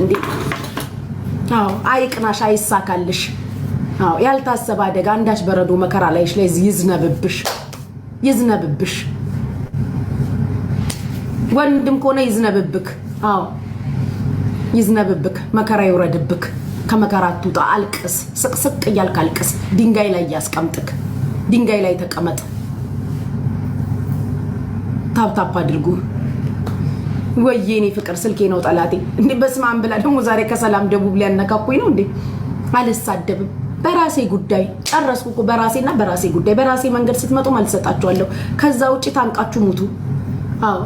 እንዴ! አዎ አይቅናሽ፣ አይሳካልሽ። አዎ ያልታሰበ አደጋ፣ አንዳች በረዶ መከራ ላይሽ ላይ ይዝነብብሽ፣ ይዝነብብሽ። ወንድም ከሆነ ይዝነብብክ። አዎ ይዝነብብክ፣ መከራ ይውረድብክ። ከመከራ አልቅስ፣ ስቅስቅ እያልክ አልቅስ። ድንጋይ ላይ እያስቀምጥክ፣ ድንጋይ ላይ ተቀመጥ። ታፕታፕ አድርጉ። ወየኔ ፍቅር ስልኬ ነው ጠላቴ። እንዴ በስመ አብ ብላ ደግሞ ዛሬ ከሰላም ደቡብ ሊያነካኩኝ ነው እንዴ? አልሳደብም። በራሴ ጉዳይ ጨረስኩ እኮ በራሴና በራሴ ጉዳይ። በራሴ መንገድ ስትመጡ መልስ ከዛ ውጭ ታንቃችሁ ሙቱ። አዎ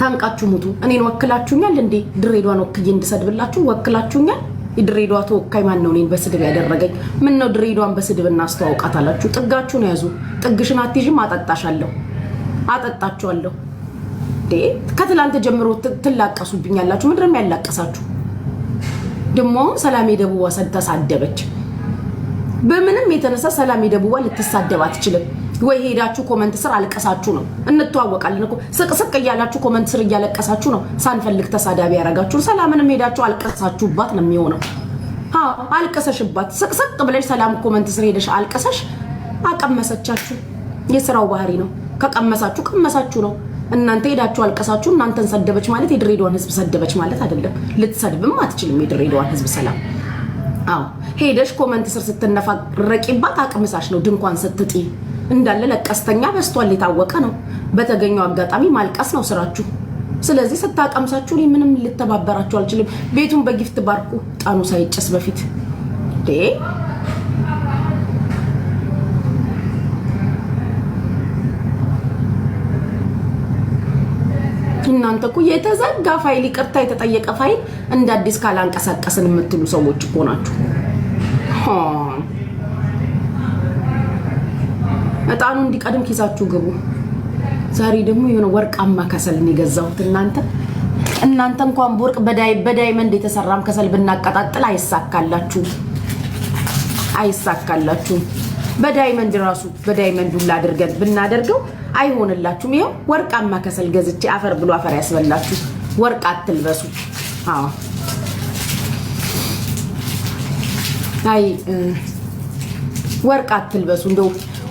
ታንቃችሁ ሙቱ። እኔን ወክላችሁኛል እንዴ? ድሬዷን ወክዬ እንድሰድብላችሁ ወክላችሁኛል? የድሬዷ ተወካይ ማን ነው እኔን በስድብ ያደረገኝ? ምን ነው ድሬዷን በስድብ እናስተዋውቃት አላችሁ? ጥጋችሁን ያዙ። ጥግሽን አትይዥም። አጠጣሻለሁ፣ አጠጣችኋለሁ። ከትላንት ጀምሮ ትላቀሱብኛላችሁ። ምንድን ነው ያላቀሳችሁ? ደግሞ አሁን ሰላሜ ደቡባ ተሳደበች። በምንም የተነሳ ሰላሜ ደቡባ ልትሳደብ አትችልም። ወይ ሄዳችሁ ኮመንት ስር አልቀሳችሁ ነው። እንተዋወቃለን እኮ ስቅስቅ እያላችሁ ኮመንት ስር እያለቀሳችሁ ነው። ሳንፈልግ ተሳዳቢ ያደረጋችሁን ሰላምንም ሄዳችሁ አልቀሳችሁባት ነው የሚሆነው። አልቀሰሽባት ስቅስቅ ብለሽ ሰላም ኮመንት ስር ሄደሽ አልቀሰሽ፣ አቀመሰቻችሁ። የስራው ባህሪ ነው። ከቀመሳችሁ ቀመሳችሁ ነው። እናንተ ሄዳችሁ አልቀሳችሁ እናንተን ሰደበች ማለት የድሬዳዋን ህዝብ ሰደበች ማለት አይደለም። ልትሰድብም አትችልም የድሬዳዋን ህዝብ ሰላም። አዎ ሄደሽ ኮመንት ስር ስትነፋረቂባት አቅምሳሽ ነው። ድንኳን ስትጢ እንዳለ ለቀስተኛ በስቷል፣ የታወቀ ነው። በተገኘው አጋጣሚ ማልቀስ ነው ስራችሁ። ስለዚህ ስታቀምሳችሁ እኔ ምንም ልተባበራችሁ አልችልም። ቤቱን በጊፍት ባርኩ ጣኑ ሳይጨስ በፊት እናንተ እኮ የተዘጋ ፋይል ይቅርታ የተጠየቀ ፋይል እንደ አዲስ ካላንቀሳቀስን የምትሉ ሰዎች እኮ ናችሁ። እጣኑ እንዲቀድም ኪሳችሁ ግቡ። ዛሬ ደግሞ የሆነ ወርቃማ ከሰልን የገዛሁት እናንተ እናንተ እንኳን በወርቅ በዳይመንድ የተሰራም ከሰል ብናቀጣጥል አይሳካላችሁም፣ አይሳካላችሁም። በዳይመንድ ራሱ በዳይመንድ ሁላ አድርገን ብናደርገው አይሆንላችሁም። ይኸው ወርቃማ ከሰል ገዝቼ አፈር ብሎ አፈር ያስበላችሁ። ወርቅ አትልበሱ። አዎ አይ ወርቅ አትልበሱ። እንደው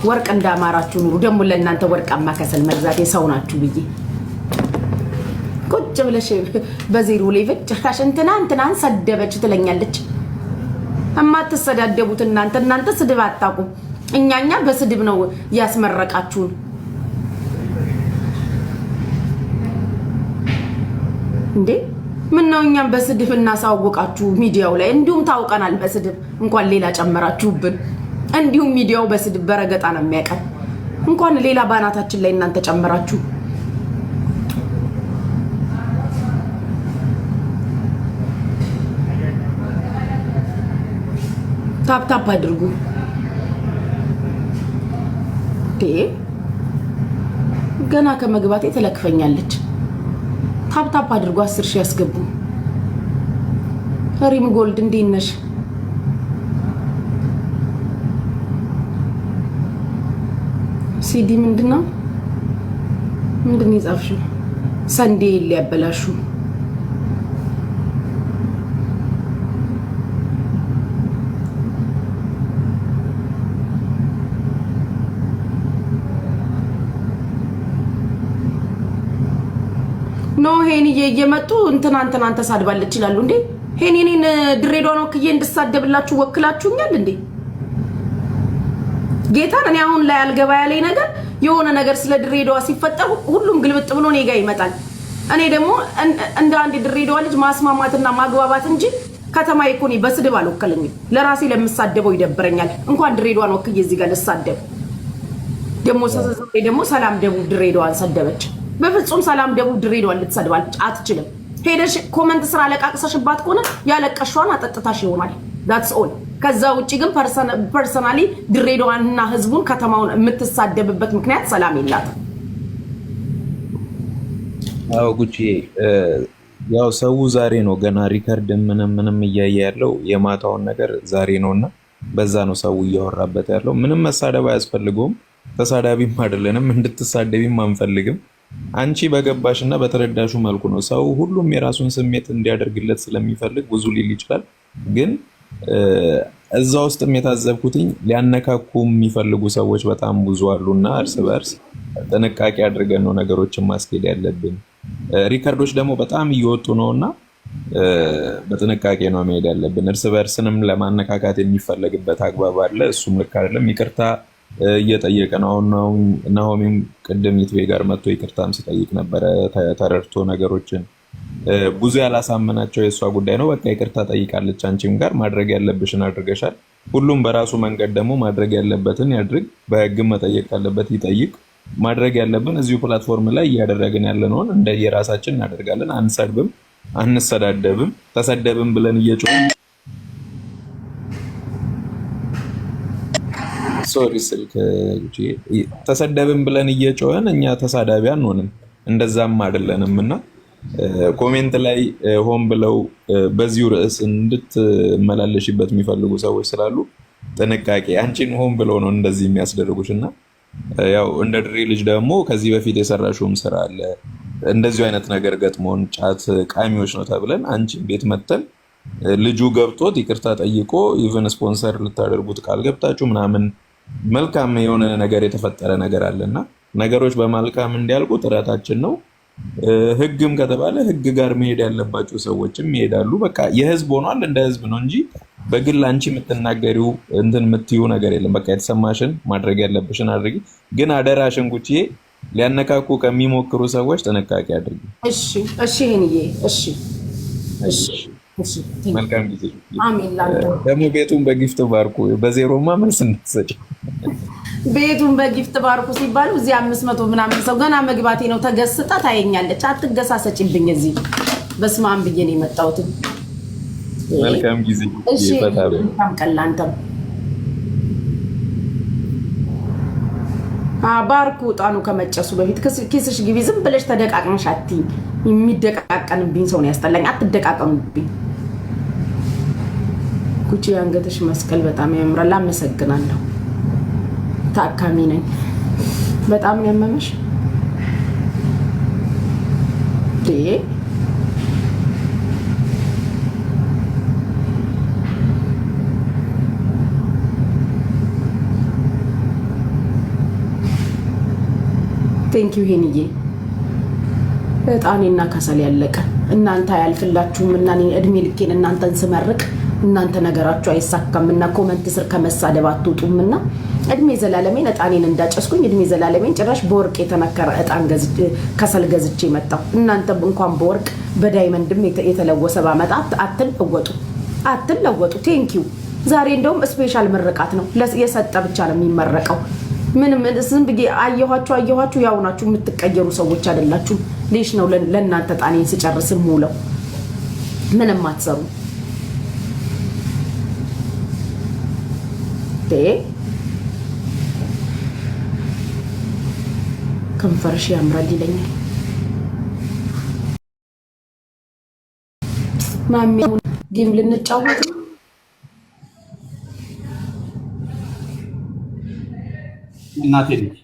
ወርቅ እንዳማራችሁ ኑሩ። ደግሞ ለእናንተ ወርቃማ ከሰል መግዛት የሰው ናችሁ ብዬ ቁጭ ብለሽ በዜሮ ላይ ጭራሽ እንትና እንትናን ሰደበች ትለኛለች። እማትሰዳደቡት እናንተ እናንተ ስድብ አታውቁም። እኛኛ በስድብ ነው ያስመረቃችሁን። እንዴ ምን ነው እኛም በስድብ እናሳወቃችሁ ሚዲያው ላይ እንዲሁም ታውቀናል በስድብ እንኳን ሌላ ጨመራችሁብን እንዲሁም ሚዲያው በስድብ በረገጣ ነው የሚያቀን እንኳን ሌላ ባናታችን ላይ እናንተ ጨመራችሁ ታፕታፕ አድርጉ ገና ከመግባቴ ትለክፈኛለች። ታፕታፕ አድርጎ አስር ሺህ ያስገቡ። ሪም ጎልድ እንዴት ነሽ? ሲዲ ምንድን ነው? ምንድን ነው የጻፍሽው? ሰንዴ ሊያበላሹ ኖ ሄንዬ እየመጡ እንትና እንትናን ተሳድባለች ይላሉ እንዴ? ሄን እኔን ድሬዳዋን ወክዬ እንድሳደብላችሁ ወክላችሁኛል እንዴ? ጌታን እኔ አሁን ላይ አልገባ ያለኝ ነገር የሆነ ነገር ስለ ድሬዳዋ ሲፈጠር ሁሉም ግልብጥ ብሎ እኔ ይመጣል። እኔ ደግሞ እንደ አንድ ድሬዳዋ ልጅ ማስማማትና ማግባባት እንጂ ከተማ ኢኮኒ በስድብ አልወከለኝም። ለራሴ ለምሳደበው ይደብረኛል። እንኳን ድሬዳዋን ወክዬ እዚህ ጋር ልሳደብ ደግሞ ደግሞ ሰላም ደቡብ ድሬዳዋን ሰደበች። በፍጹም ሰላም ደቡብ ድሬዳዋን ልትሰድብ አትችልም። ሄደሽ ኮመንት ስራ አለቃቅሰሽባት ከሆነ ያለቀሽዋን አጠጥታሽ ይሆናል። ዳትስ ኦል። ከዛ ውጭ ግን ፐርሰናሊ ድሬዳዋንና ህዝቡን ከተማውን የምትሳደብበት ምክንያት ሰላም የላትም። አዎ ጉቺ፣ ያው ሰው ዛሬ ነው ገና ሪከርድ ምንም ምንም እያየ ያለው የማታውን ነገር ዛሬ ነውና በዛ ነው ሰው እያወራበት ያለው። ምንም መሳደብ አያስፈልገውም። ተሳዳቢም አይደለንም፣ እንድትሳደቢም አንፈልግም። አንቺ በገባሽ እና በተረዳሹ መልኩ ነው። ሰው ሁሉም የራሱን ስሜት እንዲያደርግለት ስለሚፈልግ ብዙ ሊል ይችላል። ግን እዛ ውስጥም የታዘብኩትኝ ሊያነካኩ የሚፈልጉ ሰዎች በጣም ብዙ አሉና እርስ በእርስ ጥንቃቄ አድርገን ነው ነገሮችን ማስኬድ ያለብን። ሪከርዶች ደግሞ በጣም እየወጡ ነው እና በጥንቃቄ ነው መሄድ ያለብን። እርስ በእርስንም ለማነካካት የሚፈለግበት አግባብ አለ። እሱም ልክ አይደለም። ይቅርታ እየጠየቀ ነው። ናሆሚም ቅድም ኢትዌ ጋር መጥቶ ይቅርታም ሲጠይቅ ነበረ። ተረድቶ ነገሮችን ብዙ ያላሳመናቸው የእሷ ጉዳይ ነው። በቃ ይቅርታ ጠይቃለች። አንቺም ጋር ማድረግ ያለብሽን አድርገሻል። ሁሉም በራሱ መንገድ ደግሞ ማድረግ ያለበትን ያድርግ። በህግም መጠየቅ ካለበት ይጠይቅ። ማድረግ ያለብን እዚሁ ፕላትፎርም ላይ እያደረግን ያለነውን እንደየራሳችን እናደርጋለን። አንሰድብም፣ አንሰዳደብም። ተሰደብም ብለን እየጮ ሶሪ ስልክ ተሰደብን ብለን እየጮኸን እኛ ተሳዳቢ አንሆንም፣ እንደዛም አይደለንም። እና ኮሜንት ላይ ሆን ብለው በዚሁ ርዕስ እንድትመላለሽበት የሚፈልጉ ሰዎች ስላሉ ጥንቃቄ። አንቺን ሆን ብለው ነው እንደዚህ የሚያስደርጉሽ። እና ያው እንደ ድሬ ልጅ ደግሞ ከዚህ በፊት የሰራሽውም ስራ አለ እንደዚሁ አይነት ነገር ገጥሞን ጫት ቃሚዎች ነው ተብለን አንቺን ቤት መተን ልጁ ገብቶት ይቅርታ ጠይቆ ኢቨን ስፖንሰር ልታደርጉት ቃል ገብታችሁ ምናምን መልካም የሆነ ነገር የተፈጠረ ነገር አለና ነገሮች በመልካም እንዲያልቁ ጥረታችን ነው። ህግም ከተባለ ህግ ጋር መሄድ ያለባቸው ሰዎችም ይሄዳሉ። በቃ የህዝብ ሆኗል፣ እንደ ህዝብ ነው እንጂ በግል አንቺ የምትናገሪው እንትን የምትዩ ነገር የለም። በቃ የተሰማሽን ማድረግ ያለብሽን አድርጊ። ግን አደራሽን ጉቺዬ፣ ሊያነካኩ ከሚሞክሩ ሰዎች ጥንቃቄ አድርጊ። እሺ፣ እሺ፣ እሺ፣ እሺ መልካም ጊዜ። ደግሞ ቤቱን በጊፍት ባርኩ። በዜሮማ መልስ እንዳትሰጪ። ቤቱን በጊፍት ባርኩ ሲባሉ እዚህ አምስት መቶ ምናምን ሰው ገና መግባቴ ነው ተገስጣ ታየኛለች። አትገሳሰጭብኝ። እዚህ በስመ አብ ብዬ ነው የመጣሁት። መልካም ጊዜ። ይፈታ ቀላንተም ባርኩ እጣኑ ከመጨሱ በፊት ኪስሽ ግቢ። ዝም ብለሽ ተደቃቅመሽ አትይ። የሚደቃቀንብኝ ሰው ነው ያስጠላኝ። አትደቃቀኑብኝ። ጉቺ የአንገትሽ መስቀል በጣም ያምራል። አመሰግናለሁ። ታካሚ ነኝ። በጣም ያመመሽ ቴንኪ ሄንዬ። እጣኔና ከሰል ያለቀ እናንተ አያልፍላችሁም እና እድሜ ልኬን እናንተን ስመርቅ እናንተ ነገራችሁ አይሳካም እና ኮመንት ስር ከመሳደብ አትውጡም እና እድሜ ዘላለሜን እጣኔን እንዳጨስኩኝ እድሜ ዘላለሜን ጭራሽ በወርቅ የተነከረ እጣን ከሰል ገዝቼ መጣሁ። እናንተ እንኳን በወርቅ በዳይመንድም የተለወሰ ባመጣ አትለወጡ አትለወጡ። ቴንኪው ዛሬ እንደውም ስፔሻል ምርቃት ነው። የሰጠ ብቻ ነው የሚመረቀው። ምንም ዝም ብዬ አየኋችሁ አየኋችሁ ያው ናችሁ። የምትቀየሩ ሰዎች አይደላችሁ። ሌሽ ነው ለእናንተ ጣኔን ስጨርስ ውለው ምንም አትሰሩ። ከንፈርሽ ያምራል ይለኛል ማሚ ጌም ልንጫወት እናቴ ልጅ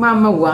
ማመዋ